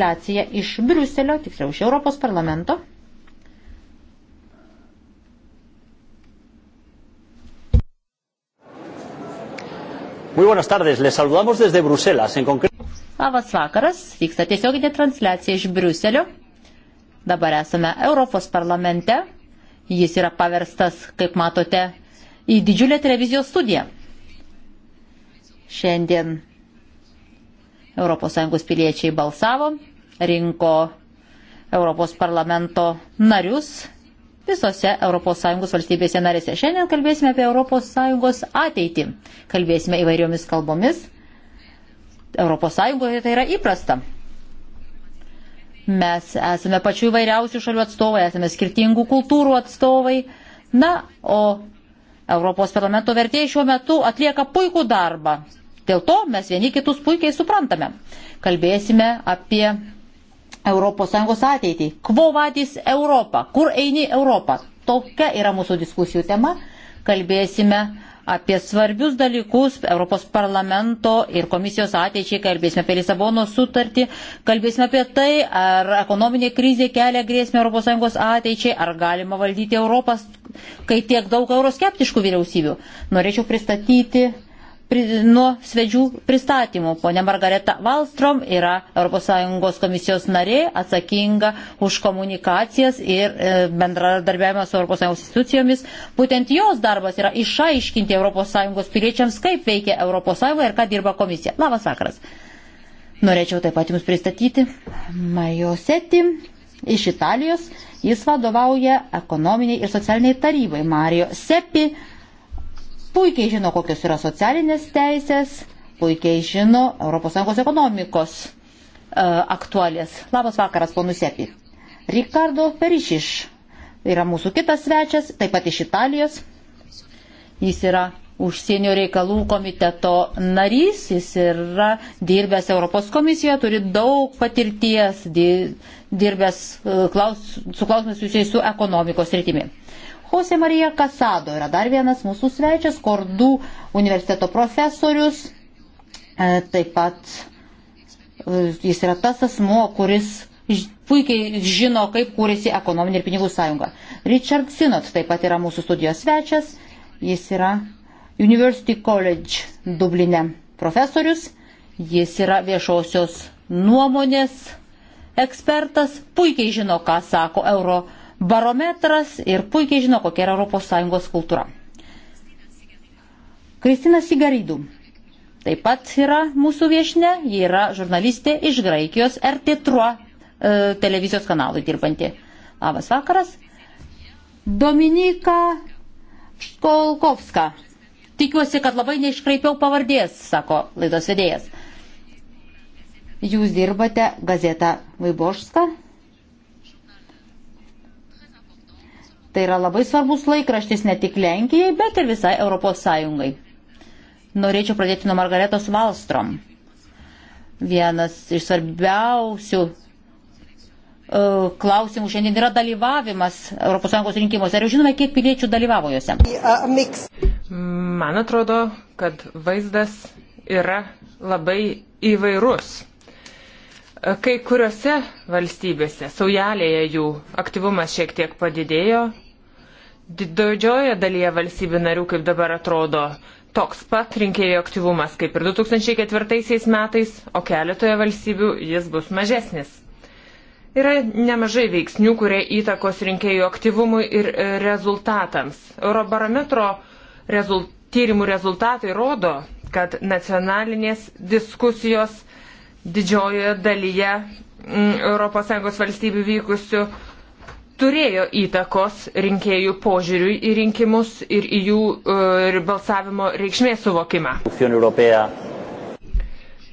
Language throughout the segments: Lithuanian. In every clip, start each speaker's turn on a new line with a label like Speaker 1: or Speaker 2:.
Speaker 1: transliaciją iš Briuselio, tiksliau iš Europos parlamento.
Speaker 2: Muy buenas tardes, les saludamos desde Bruselas, en concreto.
Speaker 1: Labas vakaras, vyksta tiesioginė transliacija iš Briuselio. Dabar esame Europos parlamente. Jis yra paverstas, kaip matote, į didžiulę televizijos studiją. Šiandien ES piliečiai balsavo rinko Europos parlamento narius visose ES valstybėse narėse. Šiandien kalbėsime apie ES ateitį. Kalbėsime įvairiomis kalbomis. ES tai yra įprasta. Mes esame pačių įvairiausių šalių atstovai, esame skirtingų kultūrų atstovai. Na, o Europos parlamento vertėjai šiuo metu atlieka puikų darbą. Dėl to mes vieni kitus puikiai suprantame. Kalbėsime apie ES ateitį. Kvo vadys Europą? Kur eini Europą? Tokia yra mūsų diskusijų tema. Kalbėsime apie svarbius dalykus Europos parlamento ir komisijos ateičiai, kalbėsime apie Lisabono sutartį, kalbėsime apie tai, ar ekonominė krizė kelia grėsmę ES ateičiai, ar galima valdyti Europas, kai tiek daug euroskeptiškų vyriausybių. Norėčiau pristatyti nuo svedžių pristatymų. Pone Margareta Valstrom yra ES komisijos narė, atsakinga už komunikacijas ir e, bendradarbiavimą su ES institucijomis. Būtent jos darbas yra išaiškinti ES piliečiams, kaip veikia ES ir ką dirba komisija. Labas vakaras. Norėčiau taip pat Jums pristatyti Majosetį iš Italijos. Jis vadovauja ekonominiai ir socialiniai tarybai. Mario Sepi puikiai žino, kokios yra socialinės teisės, puikiai žino ES ekonomikos e, aktualės. Labas vakaras, ponus Sepi. Ricardo Perišiš yra mūsų kitas svečias, taip pat iš Italijos. Jis yra užsienio reikalų komiteto narys, jis yra dirbęs Europos komisijoje, turi daug patirties, dirbęs e, klaus, su klausimais susijusiais su ekonomikos rytimi. Jose Marija Kasado yra dar vienas mūsų svečias, Kordų universiteto profesorius. E, taip pat e, jis yra tas asmo, kuris puikiai žino, kaip kūrėsi ekonominė ir pinigų sąjunga. Richard Sinot taip pat yra mūsų studijos svečias. Jis yra University College Dubline profesorius. Jis yra viešosios nuomonės ekspertas, puikiai žino, ką sako euro barometras ir puikiai žino, kokia yra ES kultūra. Kristina Sigaridų taip pat yra mūsų viešne, ji yra žurnalistė iš Graikijos RT3 e, televizijos kanalui dirbanti. Labas vakaras. Dominika Školkovska. Tikiuosi, kad labai neiškraipiau pavardės, sako laidos vedėjas. Jūs dirbate gazetą Vaibožską, Tai yra labai svarbus laikraštis ne tik Lenkijai, bet ir visai Europos Sąjungai. Norėčiau pradėti nuo Margaretos Valstrom. Vienas iš svarbiausių e, klausimų šiandien yra dalyvavimas ES rinkimuose. Ar jau žinome, kiek piliečių dalyvavo juose?
Speaker 3: Man atrodo, kad vaizdas yra labai įvairus. Kai kuriuose valstybėse, saujelėje jų aktyvumas šiek tiek padidėjo, didžiojoje dalyje valstybių narių, kaip dabar atrodo, toks pat rinkėjų aktyvumas kaip ir 2004 metais, o keletoje valstybių jis bus mažesnis. Yra nemažai veiksnių, kurie įtakos rinkėjų aktyvumui ir e, rezultatams. Eurobarometro rezult, tyrimų rezultatai rodo, kad nacionalinės diskusijos didžiojoje dalyje mm, ES valstybių vykusių turėjo įtakos rinkėjų požiūriui į rinkimus ir į jų e, ir balsavimo reikšmės suvokimą.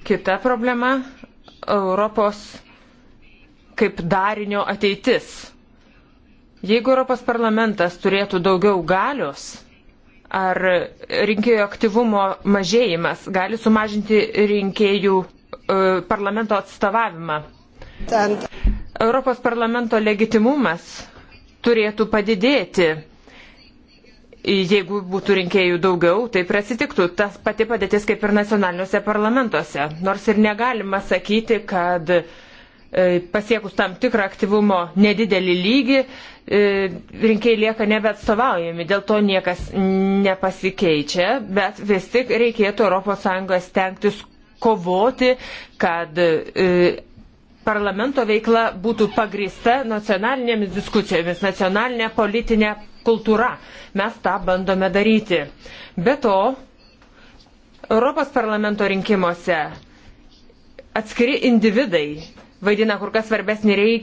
Speaker 3: Kita problema - Europos kaip darinio ateitis. Jeigu Europos parlamentas turėtų daugiau galios, ar rinkėjų aktyvumo mažėjimas gali sumažinti rinkėjų E, parlamento atstovavimą. Europos parlamento legitimumas turėtų padidėti jeigu būtų rinkėjų daugiau, taip ir atsitiktų. Tas pati padėtis kaip ir nacionaliniuose parlamentuose. Nors ir negalima sakyti, kad e, pasiekus tam tikrą aktyvumo nedidelį lygį, e, rinkėjai lieka nebeatstovaujami, dėl to niekas nepasikeičia, bet vis tik reikėtų ES stengtis kovoti, kad e, parlamento veikla būtų pagrįsta nacionalinėmis diskusijomis, nacionalinė politinė kultūra. Mes tą bandome daryti. Be to, Europos parlamento rinkimuose atskiri individai vaidina kur kas svarbesnį e,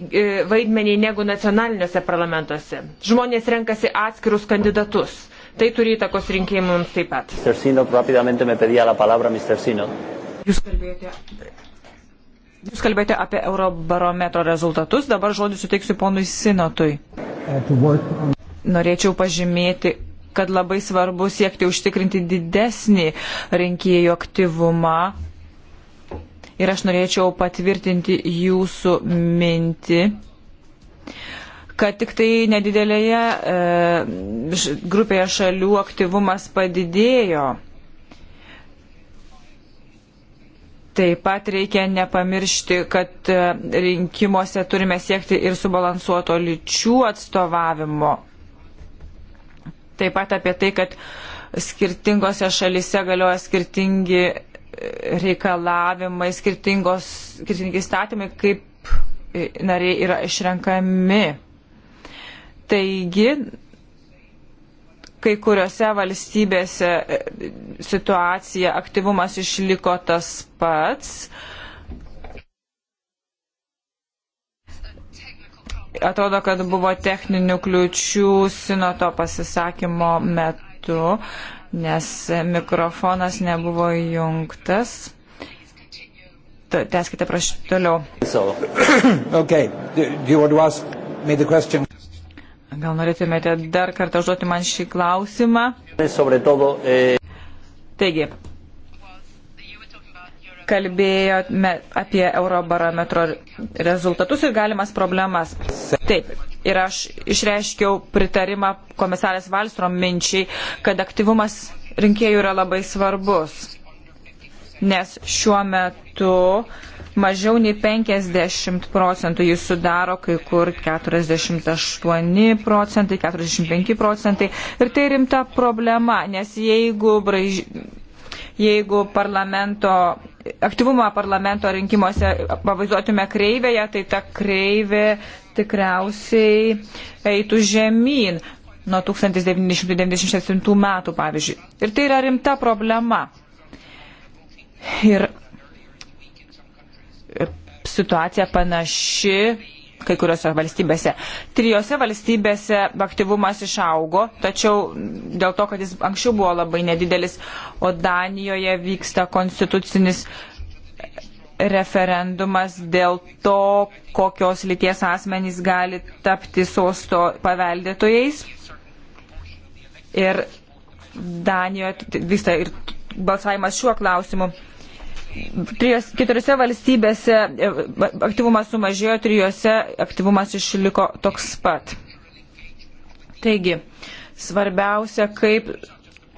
Speaker 3: vaidmenį negu nacionaliniuose parlamentuose. Žmonės renkasi atskirus kandidatus. Tai turi įtakos rinkimams taip pat.
Speaker 2: Mr. Sino,
Speaker 4: Jūs kalbėjote. Jūs kalbėjote apie Eurobarometro rezultatus, dabar žodį suteiksiu ponui Sinotui. Norėčiau pažymėti, kad labai svarbu siekti užtikrinti didesnį rinkėjų aktyvumą. Ir aš norėčiau patvirtinti jūsų mintį kad tik tai nedidelėje e, grupėje šalių aktyvumas padidėjo. Taip pat reikia nepamiršti, kad e, rinkimuose turime siekti ir subalansuoto lyčių atstovavimo. Taip pat apie tai, kad skirtingose šalise galioja skirtingi e, reikalavimai, skirtingi įstatymai, kaip e, nariai yra išrenkami. Taigi, kai kuriuose valstybėse e, situacija, aktyvumas išliko tas pats. Atrodo, kad buvo techninių kliučių sinoto pasisakymo metu, nes mikrofonas nebuvo įjungtas. Teskite prašau toliau.
Speaker 2: So, okay. Do, do
Speaker 4: Gal norėtumėte dar kartą užduoti man šį klausimą?
Speaker 2: Eh,
Speaker 4: Taigi, kalbėjome apie Eurobarometro rezultatus ir galimas problemas. Taip, ir aš išreiškiau pritarimą komisarės Valstrom minčiai, kad aktyvumas rinkėjų yra labai svarbus, nes šiuo metu uh, Mažiau nei 50 procentų jis sudaro, kai kur 48 procentai, 45 procentai. Ir tai rimta problema, nes jeigu, braiž... jeigu parlamento aktyvumą parlamento rinkimuose pavaizduotume kreivėje, tai ta kreivė tikriausiai eitų žemyn nuo 1997 metų, pavyzdžiui. Ir tai yra rimta problema. Ir situacija panaši kai kuriuose valstybėse. Trijose valstybėse aktyvumas išaugo, tačiau dėl to, kad jis anksčiau buvo labai nedidelis, o Danijoje vyksta konstitucinis referendumas dėl to, kokios lyties asmenys gali tapti sosto paveldėtojais. Ir Danijoje vyksta ir balsavimas šiuo klausimu trijos, keturiose valstybėse e, aktyvumas sumažėjo, trijose aktyvumas išliko toks pat. Taigi, svarbiausia, kaip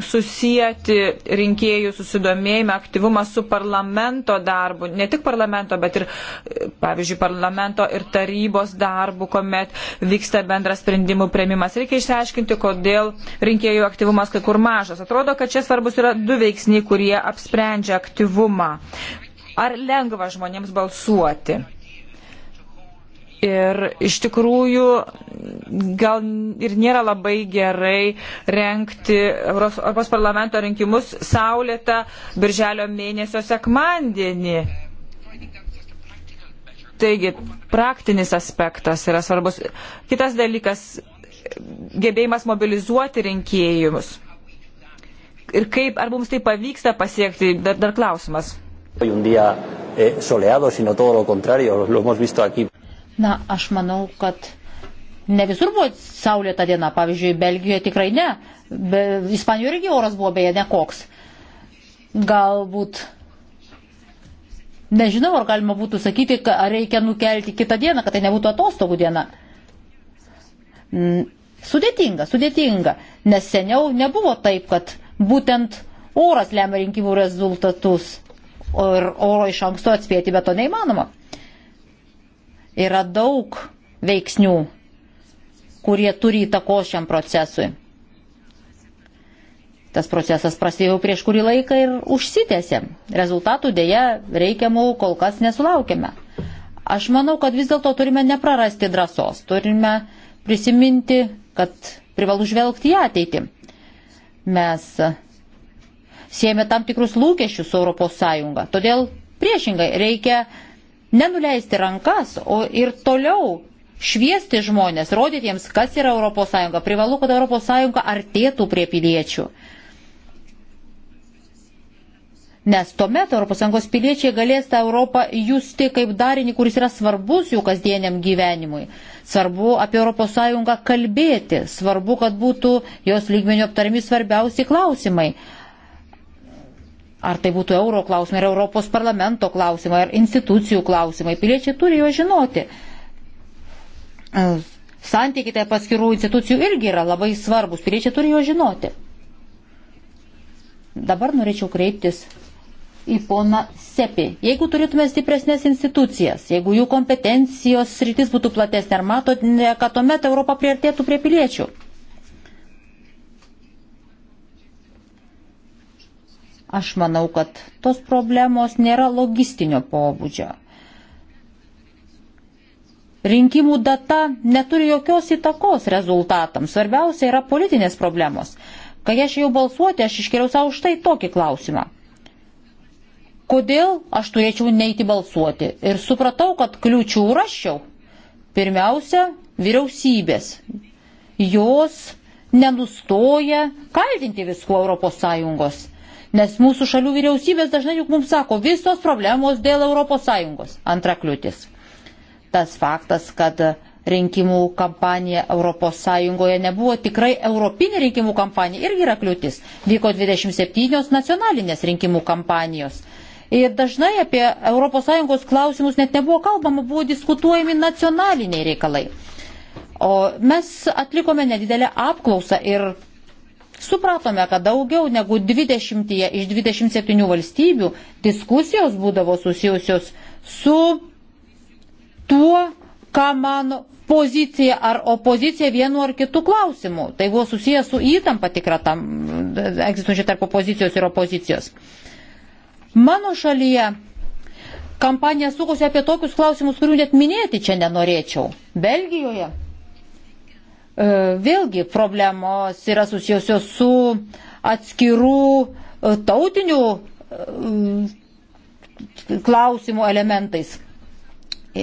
Speaker 4: susijęti rinkėjų susidomėjimą, aktyvumą su parlamento darbu, ne tik parlamento, bet ir, pavyzdžiui, parlamento ir tarybos darbu, kuomet vyksta bendras sprendimų prieimimas. Reikia išsiaiškinti, kodėl rinkėjų aktyvumas kai kur mažas. Atrodo, kad čia svarbus yra du veiksniai, kurie apsprendžia aktyvumą. Ar lengva žmonėms balsuoti? Ir iš tikrųjų gal ir nėra labai gerai renkti Europos parlamento rinkimus saulėtą birželio mėnesio sekmandienį. Taigi, praktinis aspektas yra svarbus. Kitas dalykas - gebėjimas mobilizuoti rinkėjus. Ir kaip, ar mums tai pavyksta pasiekti, dar, dar klausimas.
Speaker 2: Hoy un día eh, soleado, sino todo lo contrario, lo hemos visto aquí.
Speaker 1: Na, aš manau, kad ne visur buvo saulėta diena, pavyzdžiui, Belgijoje tikrai ne, Be, Ispanijoje irgi oras buvo beje nekoks. Galbūt, nežinau, ar galima būtų sakyti, ar reikia nukelti kitą dieną, kad tai nebūtų atostogų diena. Mm, sudėtinga, sudėtinga, nes seniau nebuvo taip, kad būtent oras lemia rinkimų rezultatus ir oro iš anksto atspėti, bet to neįmanoma. Yra daug veiksnių, kurie turi įtako šiam procesui. Tas procesas prasidėjo prieš kurį laiką ir užsitęsė. Rezultatų dėja reikiamų kol kas nesulaukėme. Aš manau, kad vis dėlto turime neprarasti drąsos, turime prisiminti, kad privalu žvelgti į ateitį. Mes siejame tam tikrus lūkesčius su ES, todėl priešingai reikia nenuleisti rankas, o ir toliau šviesti žmonės, rodyti jiems, kas yra ES. Privalu, kad ES artėtų prie piliečių. Nes tuomet ES piliečiai galės tą Europą justi kaip darinį, kuris yra svarbus jų kasdieniam gyvenimui. Svarbu apie ES kalbėti, svarbu, kad būtų jos lygmenių aptarimi svarbiausi klausimai. Ar tai būtų euro klausimai, ar Europos parlamento klausimai, ar institucijų klausimai. Piliečiai turi jo žinoti. E, santykiai tarp atskirų institucijų irgi yra labai svarbus. Piliečiai turi jo žinoti. Dabar norėčiau kreiptis į poną Sepį. Jeigu turėtume stipresnės institucijas, jeigu jų kompetencijos sritis būtų platesnė, ar matote, kad tuomet Europa priartėtų prie piliečių? Aš manau, kad tos problemos nėra logistinio pobūdžio. Rinkimų data neturi jokios įtakos rezultatams. Svarbiausia yra politinės problemos. Kai aš jau balsuoti, aš iškėliau savo štai tokį klausimą. Kodėl aš turėčiau neiti balsuoti? Ir supratau, kad kliūčių raščiau. Pirmiausia, vyriausybės. Jos nenustoja kaltinti visko Europos Sąjungos. Nes mūsų šalių vyriausybės dažnai juk mums sako, visos problemos dėl ES. Antra kliūtis. Tas faktas, kad rinkimų kampanija ES nebuvo tikrai europinė rinkimų kampanija, irgi yra kliūtis. Vyko 27 nacionalinės rinkimų kampanijos. Ir dažnai apie ES klausimus net nebuvo kalbama, buvo diskutuojami nacionaliniai reikalai. O mes atlikome nedidelę apklausą ir Supratome, kad daugiau negu 20 iš 27 valstybių diskusijos būdavo susijusios su tuo, ką mano pozicija ar opozicija vienu ar kitu klausimu. Tai buvo susijęs su įtampa tikra tam egzistuojančia tarp opozicijos ir opozicijos. Mano šalyje kampanija sukosi apie tokius klausimus, kurių net minėti čia nenorėčiau. Belgijoje E, vėlgi problemos yra susijusios su atskirų e, tautinių e, klausimų elementais.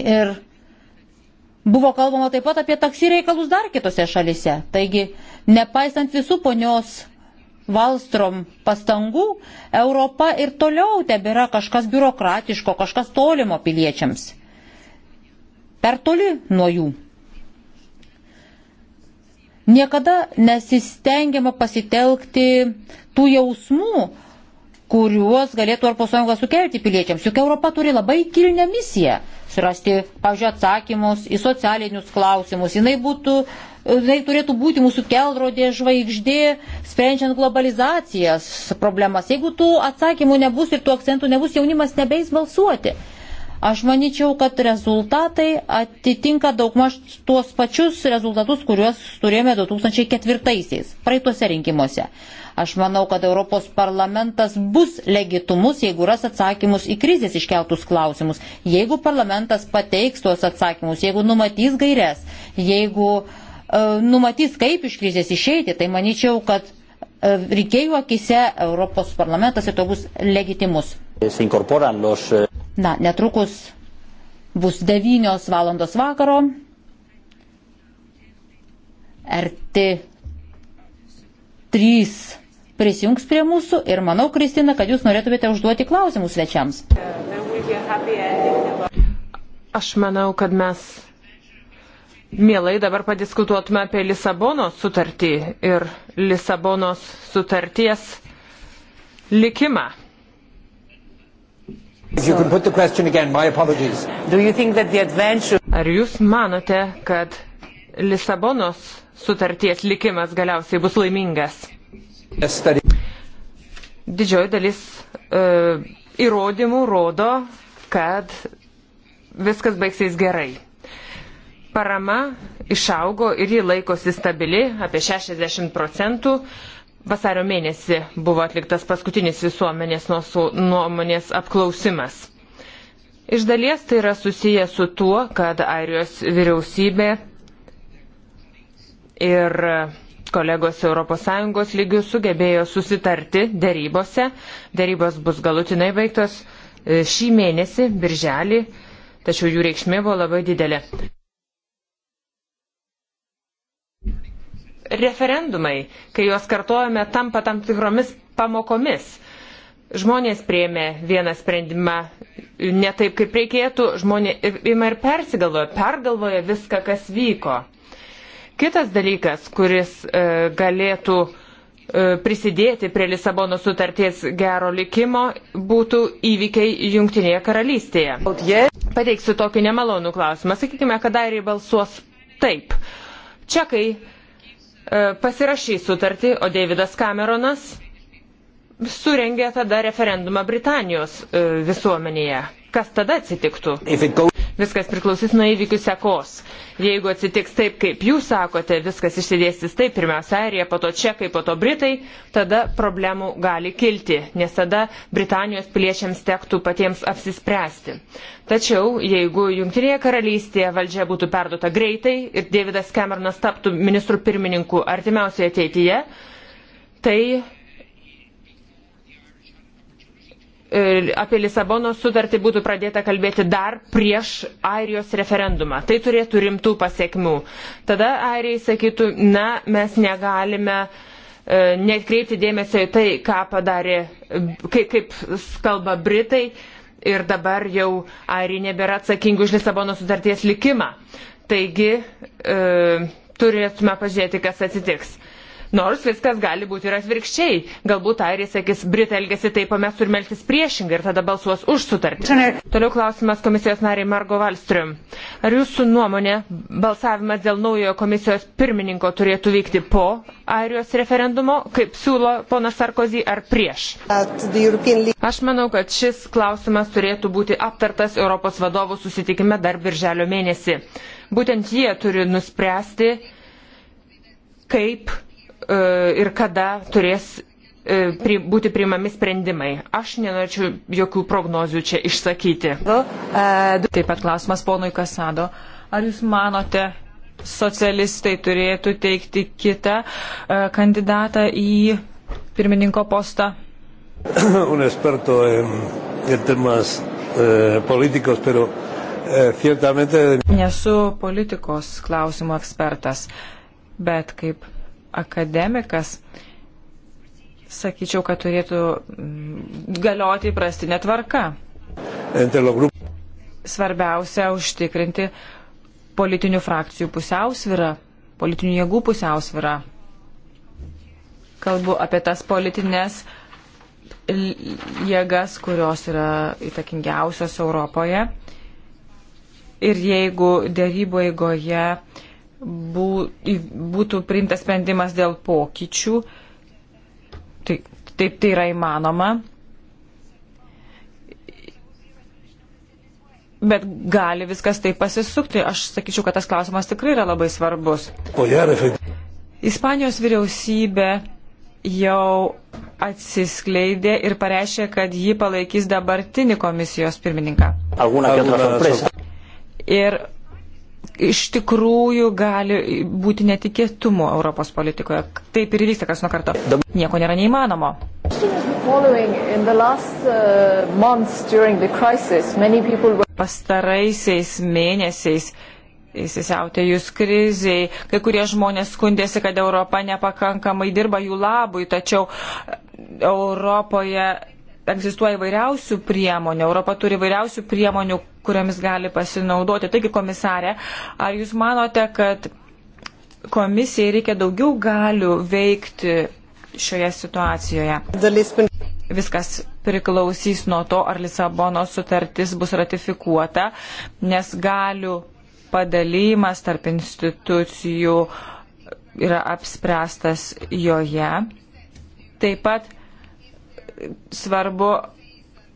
Speaker 1: Ir buvo kalbama taip pat apie taksi reikalus dar kitose šalise. Taigi, nepaisant visų ponios Valstrom pastangų, Europa ir toliau tebėra kažkas biurokratiško, kažkas tolimo piliečiams. Per toli nuo jų. Niekada nesistengiama pasitelkti tų jausmų, kuriuos galėtų Europos Sąjunga sukelti piliečiams. Juk Europa turi labai kilnę misiją surasti, pavyzdžiui, atsakymus į socialinius klausimus. Jis būtų, jinai turėtų būti mūsų kelrodė žvaigždė, sprendžiant globalizacijas problemas. Jeigu tų atsakymų nebus ir tų akcentų nebus, jaunimas nebeis balsuoti. Aš manyčiau, kad rezultatai atitinka daugmaž tuos pačius rezultatus, kuriuos turėjome 2004-aisiais, praeituose rinkimuose. Aš manau, kad Europos parlamentas bus legitimus, jeigu ras atsakymus į krizės iškeltus klausimus, jeigu parlamentas pateiks tuos atsakymus, jeigu numatys gairias, jeigu uh, numatys, kaip iš krizės išeiti, tai manyčiau, kad e, rinkėjų akise Europos parlamentas ir to bus legitimus.
Speaker 2: Los... Eh,
Speaker 1: Na, netrukus bus 9 valandos vakaro. RT 3 prisijungs prie mūsų ir manau, Kristina, kad jūs norėtumėte užduoti klausimus svečiams. Aš manau, kad mes
Speaker 3: Mielai dabar padiskutuotume apie Lisabonos sutartį ir Lisabonos sutarties likimą. Ar jūs manote, kad Lisabonos sutarties likimas galiausiai bus laimingas? Didžioji dalis e, įrodymų rodo, kad viskas baigsiais gerai. Parama išaugo ir ji laikosi stabili apie 60 procentų. E, Vasario mėnesį buvo atliktas paskutinis visuomenės nuomonės apklausimas. Iš dalies tai yra susiję su tuo, kad Airijos vyriausybė ir kolegos ES lygių sugebėjo susitarti dėrybose. Dėrybos bus galutinai baigtos e, šį mėnesį, birželį, tačiau jų reikšmė buvo labai didelė. referendumai, kai juos kartojame, tampa tam tikromis pamokomis. Žmonės prieėmė vieną sprendimą ne taip, kaip reikėtų, žmonės ima ir persigalvoja, pergalvoja viską, kas vyko. Kitas dalykas, kuris e, galėtų e, prisidėti prie Lisabono sutarties gero likimo, būtų įvykiai Junktinėje karalystėje. Pateiksiu tokį nemalonų klausimą. Sakykime, kad airiai balsuos taip. Čekai pasirašys sutartį, o Davidas Cameronas surengė tada referendumą Britanijos e, visuomenėje. Kas tada atsitiktų? Viskas priklausys nuo įvykių sekos. Jeigu atsitiks taip, kaip jūs sakote, viskas išsidėstys taip, pirmiausia Airija, po to Čekai, po to Britai, tada problemų gali kilti, nes tada Britanijos piliečiams tektų patiems apsispręsti. Tačiau, jeigu Junktinėje karalystėje valdžia būtų perduota greitai ir Davidas Cameronas taptų ministrų pirmininku artimiausioje ateityje, tai E, apie Lisabonos sutartį būtų pradėta kalbėti dar prieš Airijos referendumą. Tai turėtų rimtų pasiekmių. Tada Airijai sakytų, na, mes negalime e, net kreipti dėmesio į tai, ką padarė, kaip, kaip kalba Britai ir dabar jau Airija nebėra atsakingi už Lisabonos sutarties likimą. Taigi e, turėtume pažiūrėti, kas atsitiks. E, Nors viskas gali būti ir atvirkščiai. Galbūt airiai sakys, Brit elgesi taip, o mes turime elgtis priešingai ir tada balsuos už sutartį. Toliau klausimas komisijos nariai Margo Valstrium. Ar jūsų nuomonė balsavimas dėl naujojo komisijos pirmininko turėtų vykti po airijos referendumo, kaip siūlo ponas Sarkozy, ar prieš? Aš manau, kad šis klausimas turėtų būti aptartas Europos vadovų susitikime dar birželio mėnesį. Būtent jie turi nuspręsti, kaip E, ir kada turės e, būti priimami sprendimai. Aš nenorėčiau
Speaker 4: jokių prognozių čia išsakyti. E, Taip pat klausimas ponui Kasado. Ar jūs manote, socialistai turėtų teikti kitą kandidatą į pirmininko postą?
Speaker 2: Un experto en, en temas eh, políticos, pero eh, ciertamente.
Speaker 4: Nesu politikos klausimų ekspertas, bet kaip akademikas, sakyčiau, kad turėtų mm, galioti įprastinė tvarka. Svarbiausia užtikrinti politinių frakcijų pusiausvyrą, politinių jėgų pusiausvyrą. Kalbu apie tas politinės jėgas, kurios yra įtakingiausios Europoje. Ir jeigu dėrybo eigoje būtų priimtas sprendimas dėl pokyčių. Taip, taip tai yra įmanoma. Bet gali viskas taip pasisukti. Aš sakyčiau, kad tas klausimas tikrai yra labai svarbus. Ispanijos vyriausybė jau atsiskleidė ir pareiškė, kad ji palaikys dabartinį komisijos pirmininką. Ir iš tikrųjų gali būti netikėtumų Europos politikoje. Taip ir vyksta kas nuo karto. Nieko nėra neįmanomo. Pastaraisiais mėnesiais įsisiautėjus kriziai, kai kurie žmonės skundėsi, kad Europa nepakankamai dirba jų labui, tačiau Europoje egzistuoja įvairiausių priemonių, Europa turi įvairiausių priemonių, kuriomis gali pasinaudoti. Taigi, komisarė, ar jūs manote, kad komisijai reikia daugiau galių veikti šioje situacijoje? Viskas priklausys nuo to, ar Lisabono sutartis bus ratifikuota, nes galių padalymas tarp institucijų yra apspręstas joje. Taip pat svarbu,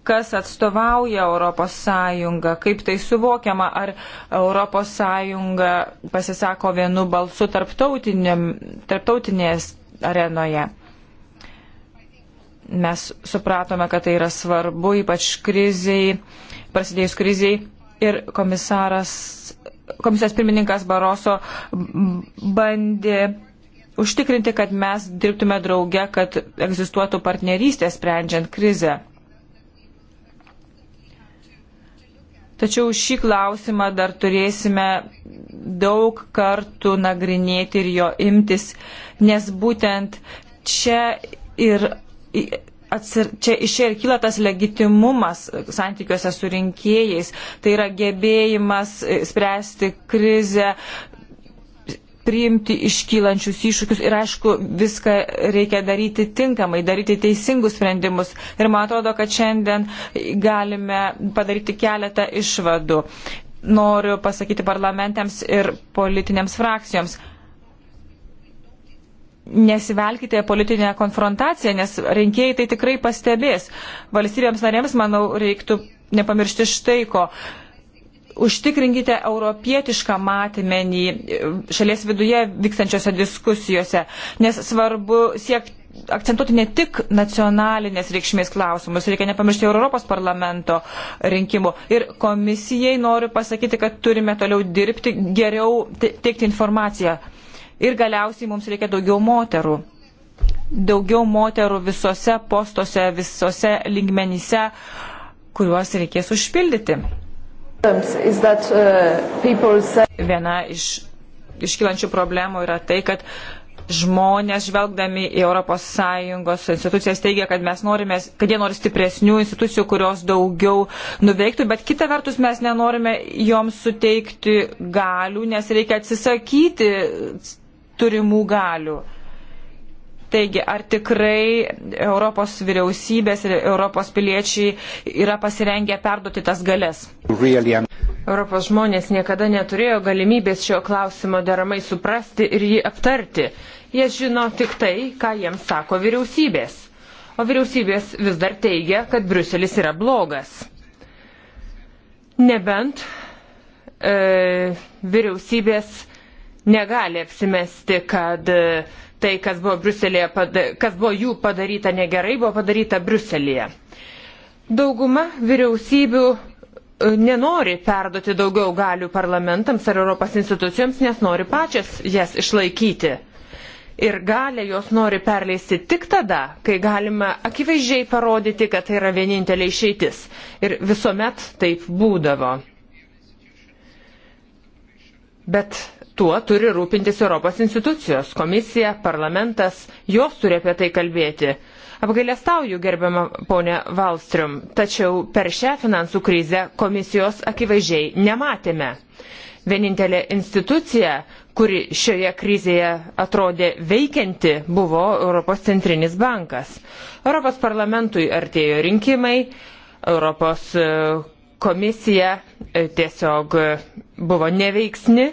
Speaker 4: kas atstovauja Europos Sąjungą, kaip tai suvokiama, ar Europos Sąjunga pasisako vienu balsu tarptautinės arenoje. Mes supratome, kad tai yra svarbu, ypač kriziai, prasidėjus kriziai ir komisaras, komisijos pirmininkas Baroso bandė užtikrinti, kad mes dirbtume drauge, kad egzistuotų partnerystė sprendžiant krizę. Tačiau šį klausimą dar turėsime daug kartų nagrinėti ir jo imtis, nes būtent čia ir, atsir, čia iš čia ir kyla tas legitimumas santykiuose su rinkėjais. Tai yra gebėjimas e, spręsti krizę, priimti iškylančius iššūkius ir aišku, viską reikia daryti tinkamai, daryti teisingus sprendimus. Ir man atrodo, kad šiandien galime padaryti keletą išvadų. Noriu pasakyti parlamentams ir politinėms frakcijoms. Nesivelkite politinę konfrontaciją, nes rinkėjai tai tikrai pastebės. Valstybėms narėms, manau, reiktų nepamiršti štai ko užtikrinkite europietišką matmenį šalies viduje vykstančiose diskusijose, nes svarbu siekti akcentuoti ne tik nacionalinės reikšmės klausimus, reikia nepamiršti ir Europos parlamento rinkimų. Ir komisijai noriu pasakyti, kad turime toliau dirbti, geriau teikti informaciją. Ir galiausiai mums reikia daugiau moterų. Daugiau moterų visose postuose, visose lygmenyse, kuriuos reikės užpildyti. Uh, Viena iš iškilančių problemų yra tai, kad žmonės žvelgdami į ES institucijas teigia, kad mes norime, kad jie nori stipresnių institucijų, kurios daugiau nuveiktų, bet kita vertus mes nenorime joms suteikti galių, nes reikia atsisakyti turimų galių. Taigi, ar tikrai Europos vyriausybės ir Europos piliečiai yra pasirengę perduoti tas galės? Really? Um, Europos žmonės niekada neturėjo
Speaker 3: galimybės šio klausimo deramai suprasti ir jį aptarti. Jie žino tik tai, ką jiems sako vyriausybės. O vyriausybės vis dar teigia, kad Bruselis yra blogas. Nebent e, vyriausybės negali apsimesti, kad e, Tai, kas buvo, kas buvo jų padaryta negerai, buvo padaryta Bruselėje. Dauguma vyriausybių e, nenori perduoti daugiau galių parlamentams ar Europos institucijoms, nes nori pačias jas išlaikyti. Ir galę jos nori perleisti tik tada, kai galima akivaizdžiai parodyti, kad tai yra vienintelė išeitis. Ir visuomet taip būdavo. Bet tuo turi rūpintis Europos institucijos, komisija, parlamentas, jos turi apie tai kalbėti. Apgailestauju, gerbiama ponė Valstrom, tačiau per šią finansų krizę komisijos akivaizdžiai nematėme. Vienintelė institucija, kuri šioje krizėje atrodė veikianti, buvo Europos centrinis bankas. Europos parlamentui artėjo rinkimai, Europos e, komisija e, tiesiog e, buvo neveiksni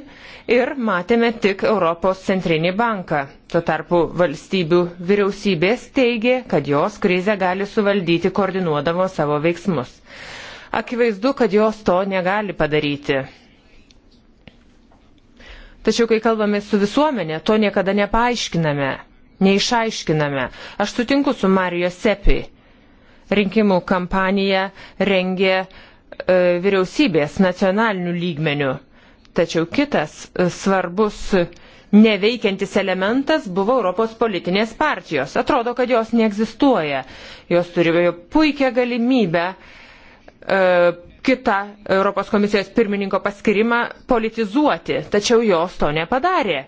Speaker 3: ir matėme tik Europos centrinį banką. Tuo tarpu valstybių vyriausybės teigė, kad jos krizę gali suvaldyti koordinuodamos savo veiksmus. Akivaizdu, kad jos to negali padaryti. Tačiau, kai kalbame su visuomenė, to niekada nepaaiškiname, neišaiškiname. Aš sutinku su Marijo Sepi. Rinkimų kampaniją rengė e, vyriausybės nacionalinių lygmenių. Tačiau kitas svarbus neveikiantis elementas buvo Europos politinės partijos. Atrodo, kad jos neegzistuoja. Jos turėjo puikią galimybę e, kitą Europos komisijos pirmininko paskirimą politizuoti, tačiau jos to nepadarė.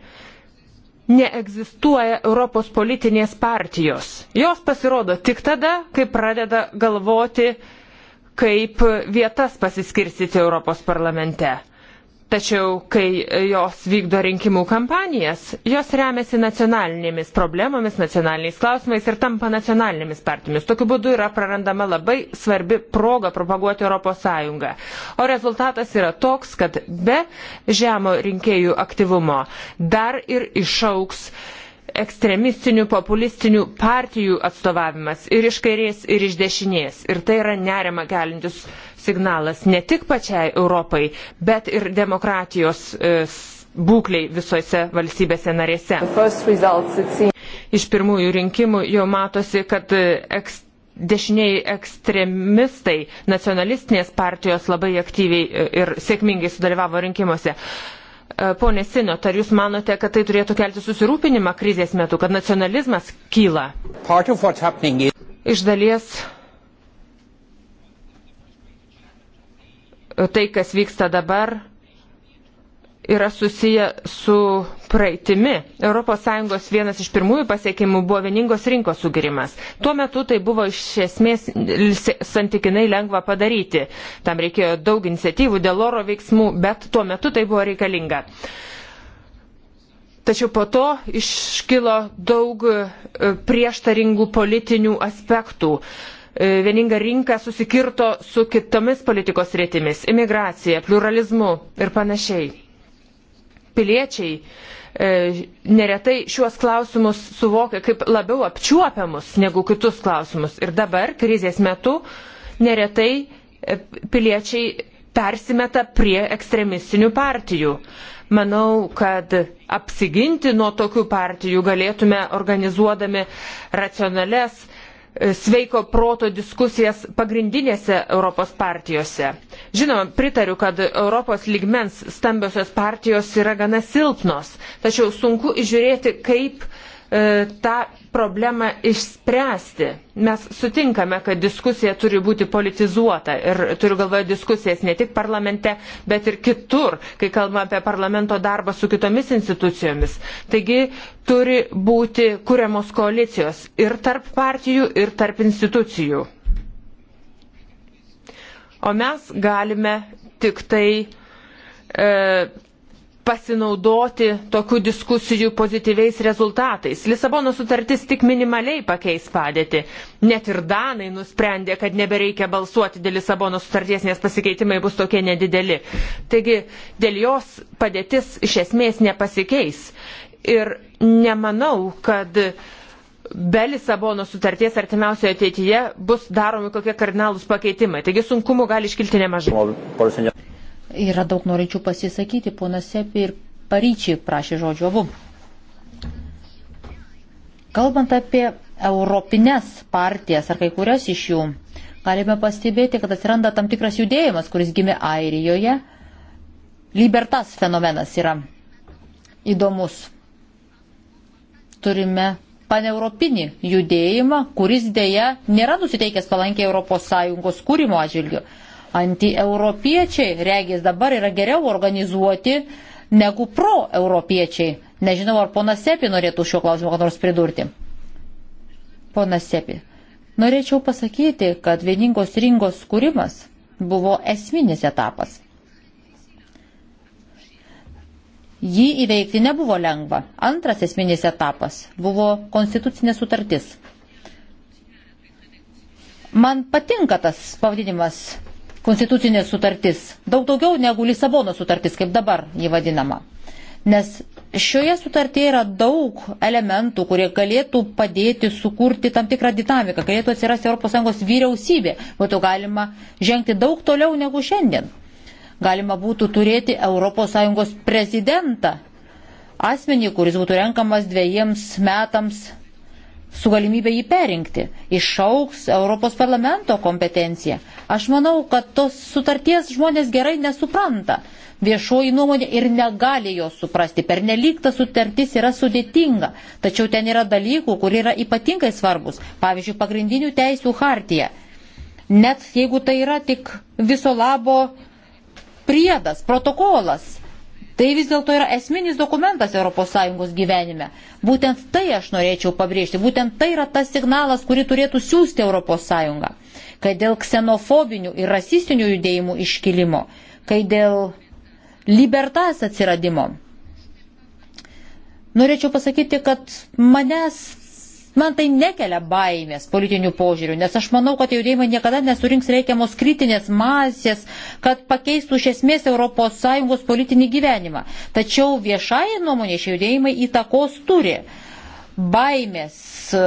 Speaker 3: Neegzistuoja Europos politinės partijos. Jos pasirodo tik tada, kai pradeda galvoti, kaip vietas pasiskirstyti Europos parlamente. Tačiau, kai jos vykdo rinkimų kampanijas, jos remiasi nacionalinėmis problemomis, nacionaliniais klausimais ir tampa nacionalinėmis partijomis. Tokiu būdu yra prarandama labai svarbi proga propaguoti ES. O rezultatas yra toks, kad be žemo rinkėjų aktyvumo dar ir išauks uh, ekstremistinių, populistinių partijų atstovavimas ir iš kairės, ir iš dešinės. Ir tai yra nerima galintis signalas ne tik pačiai Europai, bet ir demokratijos e, būkliai visose valstybėse narėse. Iš pirmųjų rinkimų jau matosi, kad e, ekstremistinių dešiniai ekstremistai, nacionalistinės partijos labai aktyviai e, ir sėkmingai sudalyvavo rinkimuose. E, pone Sinot, ar jūs manote, kad tai turėtų kelti susirūpinimą krizės metu, kad nacionalizmas kyla? Iš dalies e, tai, kas vyksta dabar, yra susiję su praeitimi. ES vienas iš pirmųjų pasiekimų buvo vieningos rinkos sugerimas. Tuo metu tai buvo iš esmės santykinai lengva padaryti. Tam reikėjo daug iniciatyvų dėl oro veiksmų, bet tuo metu tai buvo reikalinga. Tačiau po to iškilo daug e, prieštaringų politinių aspektų e, vieninga rinka susikirto su kitomis politikos rėtimis - imigracija, pluralizmu ir panašiai piliečiai e, neretai šiuos klausimus suvokia kaip labiau apčiuopiamus negu kitus klausimus. Ir dabar, krizės metu, neretai e, piliečiai persimeta prie ekstremistinių partijų. Manau, kad apsiginti nuo tokių partijų galėtume organizuodami racionales E, sveiko proto diskusijas pagrindinėse Europos partijose. Žinoma, pritariu, kad Europos lygmens stambiosios partijos yra gana silpnos, tačiau sunku išžiūrėti, kaip uh, E, tą problemą išspręsti. Mes sutinkame, kad diskusija turi būti politizuota ir turiu galvoje diskusijas ne tik parlamente, bet ir kitur, kai kalbame apie parlamento darbą su kitomis institucijomis. Taigi turi būti kuriamos koalicijos ir tarp partijų, ir tarp institucijų. O mes galime tik tai e, pasinaudoti tokių diskusijų pozityviais rezultatais. Lisabono sutartis tik minimaliai pakeis padėtį. Net ir Danai nusprendė, kad nebereikia balsuoti dėl Lisabono sutarties, nes pasikeitimai bus tokie nedideli. Taigi dėl jos padėtis iš esmės nepasikeis. Ir nemanau, kad be Lisabono sutarties artimiausioje ateityje bus daromi kokie kardinalūs pakeitimai. Taigi sunkumų gali iškilti
Speaker 2: nemažai.
Speaker 1: Yra daug norinčių pasisakyti, ponas Sepi ir Paryčiai prašė žodžio abu. Kalbant apie europinės partijas ar kai kurias iš jų, galime pastebėti, kad atsiranda tam tikras judėjimas, kuris gimė Airijoje. Libertas fenomenas yra įdomus. Turime paneuropinį judėjimą, kuris dėja nėra nusiteikęs palankiai ES kūrimo atžvilgiu antieuropiečiai, regis dabar yra geriau organizuoti negu proeuropiečiai. Nežinau, ar ponas Sepi norėtų šiuo klausimu ką nors pridurti. Ponas Sepi, norėčiau pasakyti, kad vieningos rinkos kūrimas buvo esminis etapas. Jį įveikti nebuvo lengva. Antras esminis etapas buvo konstitucinė sutartis. Man patinka tas pavadinimas konstitucinė sutartis. Daug daugiau negu Lisabono sutartis, kaip dabar jį vadinama. Nes šioje sutartyje yra daug elementų, kurie galėtų padėti sukurti tam tikrą dinamiką, galėtų atsirasti ES vyriausybė, būtų galima žengti daug toliau negu šiandien. Galima būtų turėti ES prezidentą, asmenį, kuris būtų renkamas dviejiems metams su galimybė jį perinkti, išauks Europos parlamento kompetencija. Aš manau, kad tos sutarties žmonės gerai nesupranta viešoji nuomonė ir negali jos suprasti. Per nelik ta sutartis yra sudėtinga, tačiau ten yra dalykų, kur yra ypatingai svarbus. Pavyzdžiui, pagrindinių teisų hartija. Net jeigu tai yra tik viso labo priedas, protokolas, Tai vis dėlto yra esminis dokumentas ES gyvenime. Būtent tai aš norėčiau pabrėžti, būtent tai yra tas signalas, kurį turėtų siūsti ES, kad dėl ksenofobinių ir rasistinių judėjimų iškilimo, kai dėl libertas atsiradimo. Norėčiau pasakyti, kad manęs Man tai nekelia baimės politinių požiūrių, nes aš manau, kad judėjimai niekada nesurinks reikiamos kritinės masės, kad pakeistų iš esmės ES politinį gyvenimą. Tačiau viešai nuomonė šie judėjimai įtakos turi baimės e,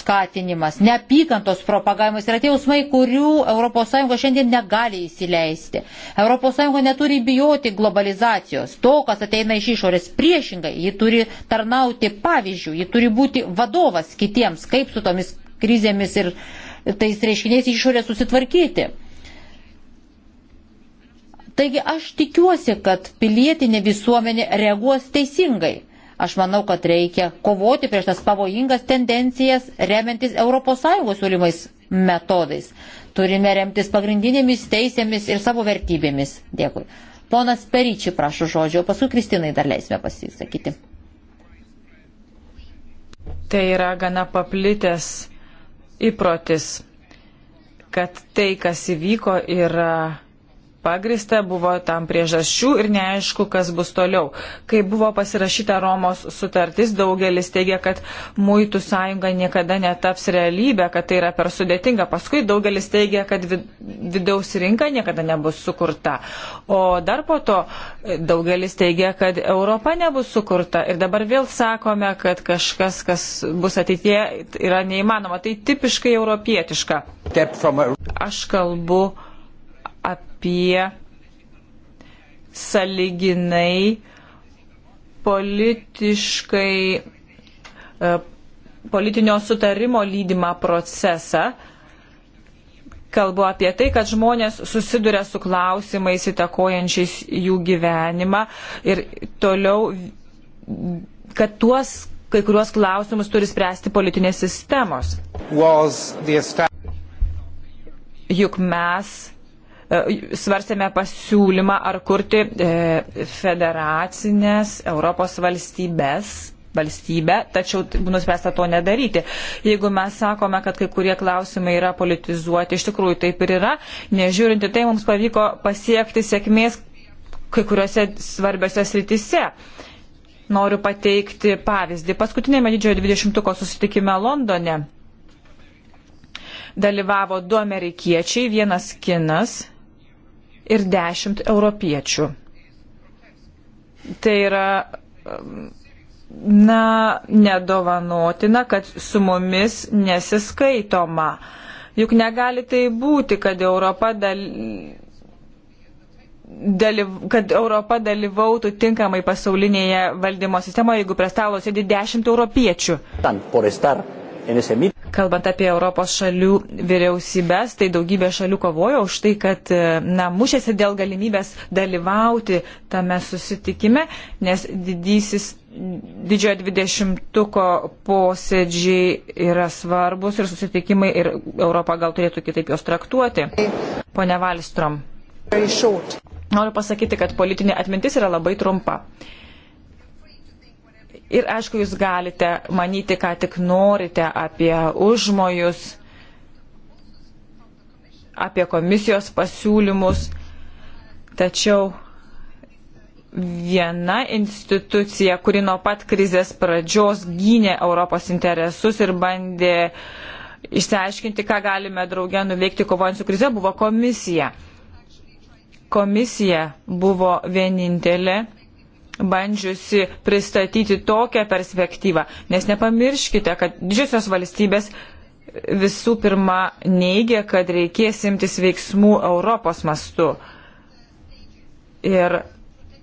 Speaker 1: skatinimas, neapykantos propagavimas yra tie jausmai, kurių ES šiandien negali įsileisti. ES neturi bijoti globalizacijos, to, kas ateina iš išorės. Priešingai, ji turi tarnauti pavyzdžių, ji turi būti vadovas kitiems, kaip su tomis krizėmis ir tais reiškiniais išorės susitvarkyti. Taigi aš tikiuosi, kad pilietinė visuomenė reaguos teisingai Aš manau, kad reikia kovoti prieš tas pavojingas tendencijas, remiantis ES siūlymais metodais. Turime remtis pagrindinėmis teisėmis ir savo vertybėmis. Dėkui. Ponas Peryčiai prašo žodžio, paskui Kristinai dar leisime pasisakyti.
Speaker 4: Tai yra gana paplitęs įprotis, kad tai, kas įvyko, yra pagrista, buvo tam priežasčių ir neaišku, kas bus toliau. Kai buvo pasirašyta Romos sutartis, daugelis teigia, kad muitų sąjunga niekada netaps realybė, kad tai yra per sudėtinga. Paskui daugelis teigia, kad vidaus rinka niekada nebus sukurta. O dar po to e, daugelis teigia, kad Europa nebus sukurta. Ir dabar vėl sakome, kad kažkas, kas bus ateitie, yra neįmanoma. Tai tipiškai europietiška. Aš kalbu apie saliginai politiškai, e, politinio sutarimo lydimą procesą. Kalbu apie tai, kad žmonės susiduria su klausimais įtakojančiais jų gyvenimą ir toliau, kad tuos kai kuriuos klausimus turi spręsti politinės sistemos. Juk mes E, svarstėme pasiūlymą, ar kurti e, federacinės Europos valstybės valstybę, tačiau nuspręsta to nedaryti. Jeigu mes sakome, kad kai kurie klausimai yra politizuoti, iš tikrųjų taip ir yra, nežiūrinti tai mums pavyko pasiekti sėkmės kai kuriuose svarbiose srityse. Noriu pateikti pavyzdį. Paskutinėme didžiojo 20-ko susitikime Londone dalyvavo du amerikiečiai, vienas kinas ir 10 europiečių. Tai yra, na, nedovanotina, kad su mumis nesiskaitoma. Juk negali tai būti, kad Europa, dal... Dalyv... kad Europa dalyvautų tinkamai pasaulinėje valdymo sistemoje, jeigu prie stalo sėdi 10 europiečių. Tan, kalbant apie Europos šalių vyriausybės, tai daugybė šalių kovojo už tai, kad e, na, mušėsi dėl galimybės dalyvauti tame susitikime, nes didysis didžiojo dvidešimtuko posėdžiai yra svarbus ir susitikimai ir Europa gal turėtų kitaip juos traktuoti. Pone Valstrom. Noriu pasakyti, kad politinė atmintis yra labai trumpa. Ir aišku, jūs galite manyti, ką tik norite apie užmojus, apie komisijos pasiūlymus, tačiau viena institucija, kuri nuo pat krizės pradžios gynė Europos interesus ir bandė išsiaiškinti, ką galime drauge nuveikti kovojant su krize, buvo komisija. Komisija buvo vienintelė bandžiusi pristatyti tokią perspektyvą, nes nepamirškite, kad didžiosios valstybės visų pirma neigia, kad reikės imtis veiksmų Europos mastu. Ir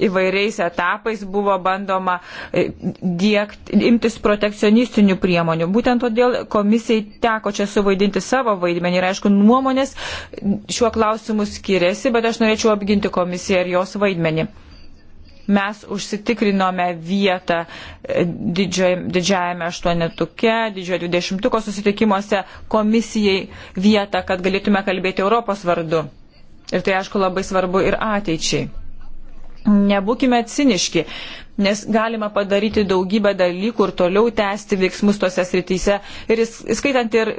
Speaker 4: įvairiais etapais buvo bandoma e, diekt, imtis protekcionistinių priemonių. Būtent todėl komisijai teko čia suvaidinti savo vaidmenį. Ir aišku, nuomonės šiuo klausimu skiriasi, bet aš norėčiau apginti komisiją ir jos vaidmenį mes užsitikrinome vietą e, didžiajame aštuonetuke, didžiojo dvidešimtuko susitikimuose komisijai vietą, kad galėtume kalbėti Europos vardu. Ir tai, aišku, labai svarbu ir ateičiai. Nebūkime ciniški, nes galima padaryti daugybę dalykų ir toliau tęsti veiksmus tose srityse, ir skaitant ir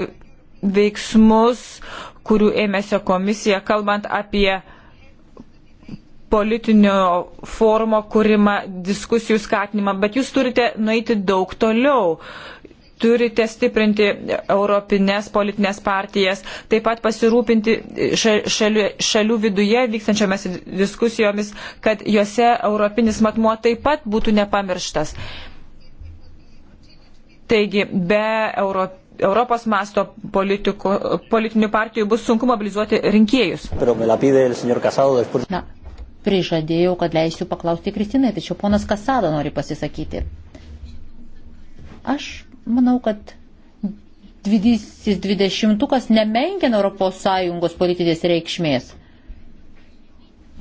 Speaker 4: veiksmus, kurių ėmėsi komisija, kalbant apie politinio forumo kūrimą, diskusijų skatinimą, bet jūs turite nueiti daug toliau. Turite stiprinti europinės politinės partijas, taip pat pasirūpinti šalių, šalių viduje vykstančiomis diskusijomis, kad juose europinis matmuo taip pat būtų nepamirštas. Taigi, be Europos. Europos masto politikų, politinių partijų bus sunku mobilizuoti rinkėjus.
Speaker 2: Na,
Speaker 1: prižadėjau, kad leisiu paklausti Kristinai, tačiau ponas Kasada nori pasisakyti. Aš manau, kad didysis dvidešimtukas nemenkina ES politinės reikšmės.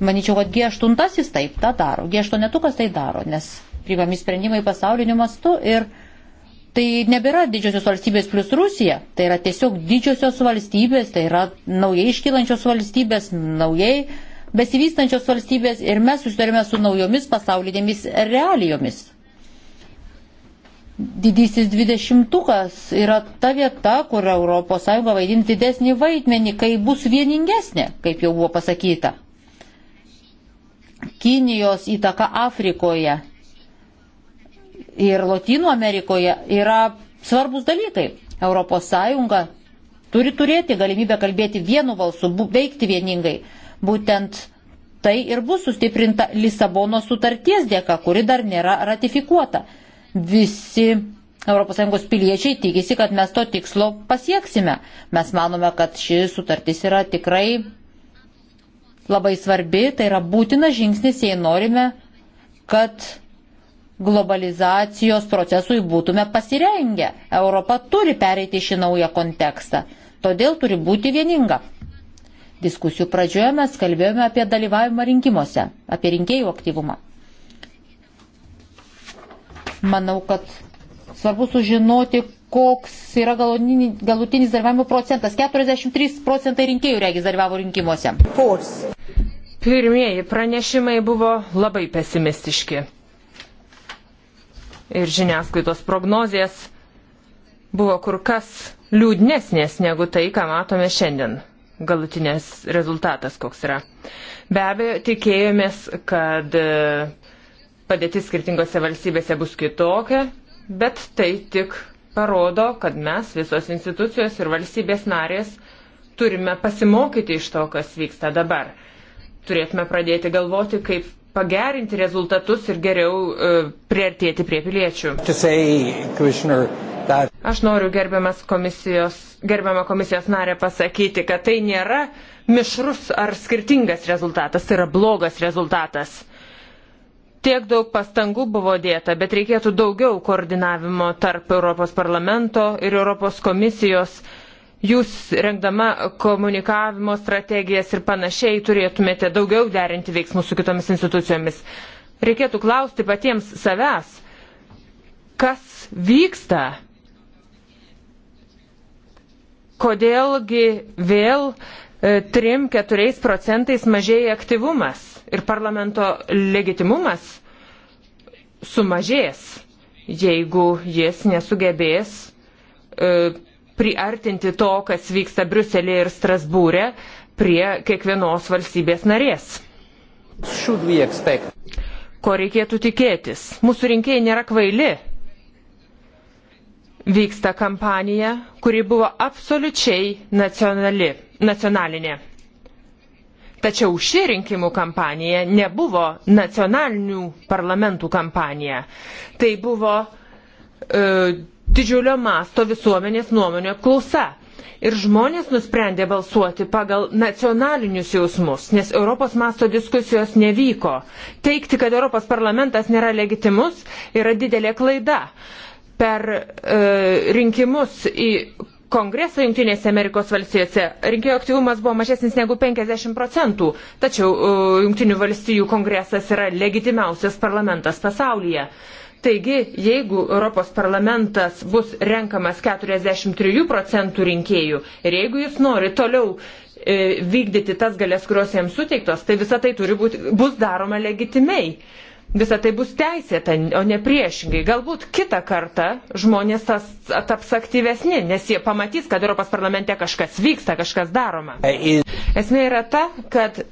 Speaker 1: Maničiau, kad G8 taip tą daro, G8 tai daro, nes priimami sprendimai pasauliniu mastu ir tai nebėra didžiosios valstybės plus Rusija, tai yra tiesiog didžiosios valstybės, tai yra naujai iškylančios valstybės, naujai besivystančios valstybės ir mes susidurime su naujomis pasaulinėmis realijomis. Didysis dvidešimtukas yra ta vieta, kur ES vaidins didesnį vaidmenį, kai bus vieningesnė, kaip jau buvo pasakyta. Kinijos įtaka Afrikoje ir Latino Amerikoje yra svarbus dalykai. ES turi turėti galimybę kalbėti vienu balsu, veikti vieningai. Būtent tai ir bus sustiprinta Lisabono sutarties dėka, kuri dar nėra ratifikuota. Visi ES piliečiai tikisi, kad mes to tikslo pasieksime. Mes manome, kad ši sutartis yra tikrai labai svarbi, tai yra būtina žingsnis, jei norime, kad globalizacijos procesui būtume pasirengę. Europa turi pereiti šį naują kontekstą. Todėl turi būti vieninga. Diskusijų pradžioje mes kalbėjome apie dalyvavimą rinkimuose, apie rinkėjų aktyvumą. Manau, kad svarbu sužinoti, koks yra galutinis dalyvavimo procentas. 43 procentai rinkėjų regis dalyvavo rinkimuose. Kurs.
Speaker 3: Pirmieji pranešimai buvo labai pesimistiški. Ir žiniasklaidos prognozijas buvo kur kas liūdnesnės negu tai, ką matome šiandien galutinės rezultatas koks yra. Be abejo, tikėjomės, kad e, padėtis skirtingose valstybėse bus kitokia, bet tai tik parodo, kad mes visos institucijos ir valstybės narės turime pasimokyti iš to, kas vyksta dabar. Turėtume pradėti galvoti, kaip pagerinti rezultatus ir geriau e, priartėti prie piliečių.
Speaker 2: Say,
Speaker 3: Aš noriu gerbiamas komisijos, gerbiamą komisijos narę pasakyti, kad tai nėra mišrus ar skirtingas rezultatas, tai yra blogas rezultatas. Tiek daug pastangų buvo dėta, bet reikėtų daugiau koordinavimo tarp Europos parlamento ir Europos komisijos. Jūs rengdama komunikavimo strategijas ir panašiai turėtumėte daugiau derinti veiksmus su kitomis institucijomis. Reikėtų klausti patiems savęs, kas vyksta kodėlgi vėl e, 3-4 procentais mažėja aktyvumas ir parlamento legitimumas sumažės, jeigu jis nesugebės e, priartinti to, kas vyksta Briuselėje ir Strasbūrė prie kiekvienos valstybės narės. Ko reikėtų tikėtis? Mūsų rinkėjai nėra kvaili vyksta kampanija, kuri buvo absoliučiai nacionali, nacionalinė. Tačiau ši rinkimų kampanija nebuvo nacionalinių parlamentų kampanija. Tai buvo e, didžiulio masto visuomenės nuomonio apklausa. Ir žmonės nusprendė balsuoti pagal nacionalinius jausmus, nes Europos masto diskusijos nevyko. Teikti, kad Europos parlamentas nėra legitimus, yra didelė klaida. E, per e, rinkimus į Kongresą Junktinėse Amerikos valstijose rinkėjų aktyvumas buvo mažesnis negu 50 procentų, tačiau e, Junktinių valstijų kongresas yra legitimiausias parlamentas pasaulyje. Taigi, jeigu Europos parlamentas bus renkamas 43 procentų rinkėjų ir jeigu jis nori toliau e, vykdyti tas galės, kurios jiems suteiktos, tai visa tai turi būti, bus daroma legitimiai. E, Visą tai bus teisėta, o ne priešingai. Galbūt kitą kartą žmonės tas, taps aktyvesni, nes jie pamatys, kad Europos parlamente kažkas vyksta, kažkas daroma. E, Esmė yra ta, kad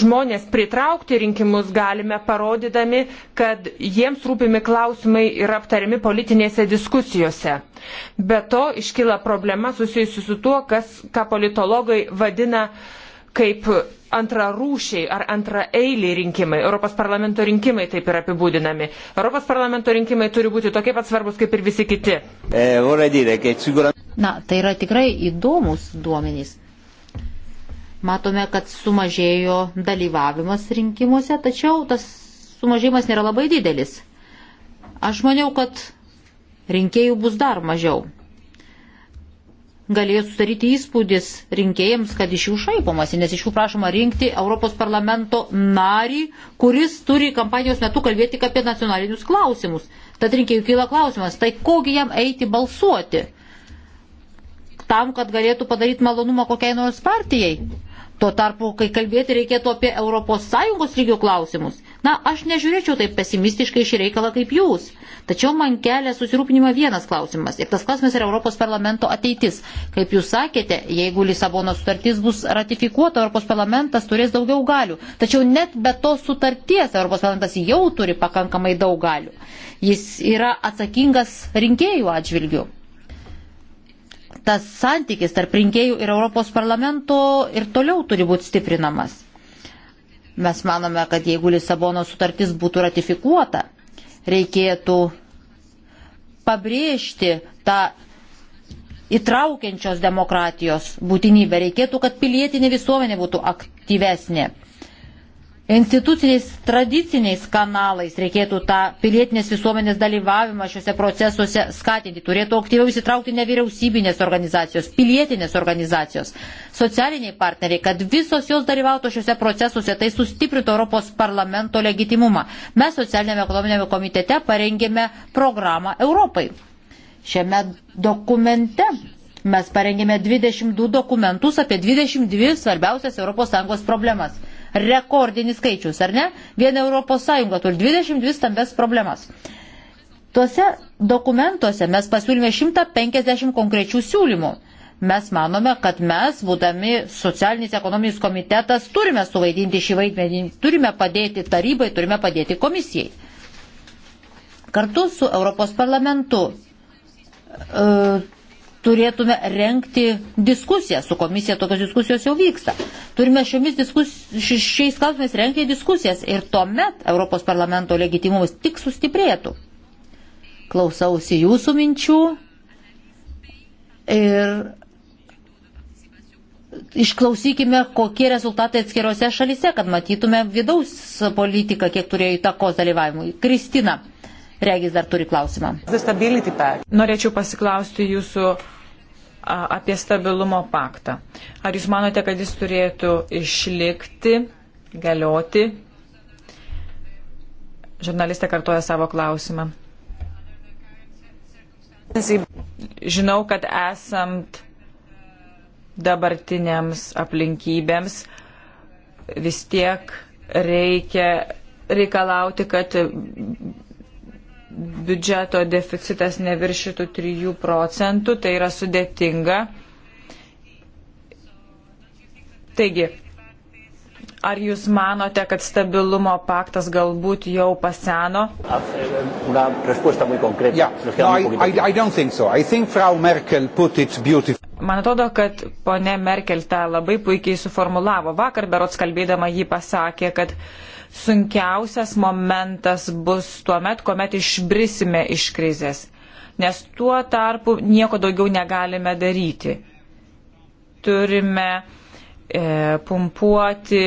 Speaker 3: žmonės pritraukti rinkimus galime parodydami, kad jiems rūpimi klausimai yra aptariami politinėse diskusijose. Be to iškyla problema susijusi su tuo, kas, ką politologai vadina uh, kaip antrarūšiai ar antraeiliai rinkimai. Europos parlamento rinkimai taip yra apibūdinami. Europos parlamento rinkimai turi būti tokie pat svarbus kaip ir visi kiti.
Speaker 2: Eh,
Speaker 1: Na, tai yra tikrai įdomus duomenys. Matome, kad sumažėjo dalyvavimas rinkimuose, tačiau tas sumažėjimas nėra labai didelis. Aš maniau, kad rinkėjų bus dar mažiau galėjo sudaryti įspūdis rinkėjams, kad iš jų šaipomasi, nes iš jų prašoma rinkti Europos parlamento narį, kuris turi kampanijos metu kalbėti apie nacionalinius klausimus. Tad rinkėjų kyla klausimas, tai kogi jam eiti balsuoti? Tam, kad galėtų padaryti malonumą kokiai nors partijai. Tuo tarpu, kai kalbėti reikėtų apie ES lygių klausimus, na, aš nežiūrėčiau taip pesimistiškai šį reikalą kaip jūs. Tačiau man kelia susirūpinimą vienas klausimas. Ir tas klausimas yra Europos parlamento ateitis. Kaip jūs sakėte, jeigu Lisabono sutartis bus ratifikuota, Europos parlamentas turės daugiau galių. Tačiau net be tos sutarties Europos parlamentas jau turi pakankamai daug galių. Jis yra atsakingas rinkėjų atžvilgių tas santykis tarp rinkėjų ir Europos parlamento ir toliau turi būti stiprinamas. Mes manome, kad jeigu Lisabono sutartis būtų ratifikuota, reikėtų pabrėžti tą įtraukiančios demokratijos būtinybę. Reikėtų, kad pilietinė visuomenė būtų aktyvesnė instituciniais tradiciniais kanalais reikėtų tą pilietinės visuomenės dalyvavimą šiuose procesuose skatinti. Turėtų aktyviau įsitraukti nevyriausybinės organizacijos, pilietinės organizacijos, socialiniai partneriai, kad visos jos dalyvautų šiuose procesuose, tai sustiprintų Europos parlamento legitimumą. Mes socialinėme ekonominėme komitete parengėme programą Europai. Šiame dokumente mes parengėme 22 dokumentus apie 22 svarbiausias ES problemas rekordinis skaičius, ar ne? Viena ES turi 22 stambes problemas. Tuose dokumentuose mes pasiūlėme 150 konkrečių siūlymų. Mes manome, kad mes, būdami socialinis ekonominis komitetas, turime suvaidinti šį vaidmenį, turime padėti tarybai, turime padėti komisijai. Kartu su Europos parlamentu e, turėtume renkti diskusiją, su komisija tokios diskusijos jau vyksta. Turime šiomis diskus, šiais klausimais renkti diskusijas ir tuomet Europos parlamento legitimumas tik sustiprėtų. Klausausi jūsų minčių ir išklausykime, kokie rezultatai atskirose šalise, kad matytume vidaus politiką, kiek turėjo įtakos dalyvavimui. Kristina, regis dar turi klausimą.
Speaker 4: Norėčiau pasiklausti jūsų apie stabilumo paktą. Ar jūs manote, kad jis turėtų išlikti, galioti? Žurnalistė kartuoja savo klausimą. Žinau, kad esant dabartiniams aplinkybėms vis tiek reikia reikalauti, kad biudžeto deficitas neviršytų 3 procentų, tai yra sudėtinga. Taigi, ar jūs manote, kad stabilumo paktas galbūt jau paseno? Man atrodo, kad ponė Merkel tą labai puikiai suformulavo. Vakar berots kalbėdama jį pasakė, kad uh, sunkiausias momentas bus tuo met, kuomet išbrisime iš krizės, nes tuo tarpu nieko daugiau negalime daryti. Turime e, pumpuoti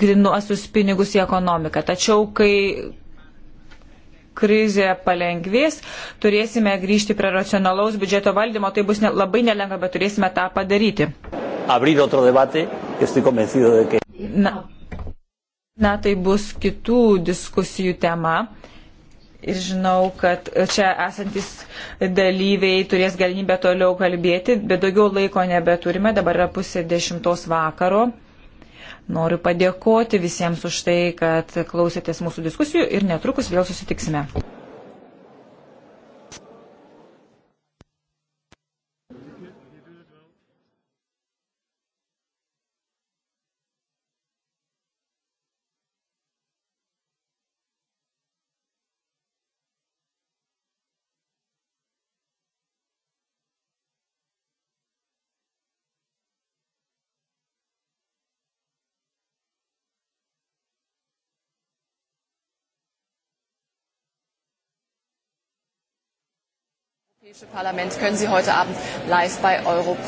Speaker 4: grinuosius pinigus į ekonomiką. Tačiau, kai krizė palengvės, turėsime grįžti prie racionalaus biudžeto valdymo, tai bus ne, labai nelengva, bet turėsime tą padaryti. Na, Na, tai bus kitų diskusijų tema. Ir žinau, kad čia esantis dalyviai turės galimybę toliau kalbėti, bet daugiau laiko nebeturime, dabar yra pusė dešimtos vakaro. Noriu padėkoti visiems už tai, kad klausėtės mūsų diskusijų ir netrukus vėl susitiksime.
Speaker 3: Europäische Parlament
Speaker 1: können Sie heute Abend live bei Euro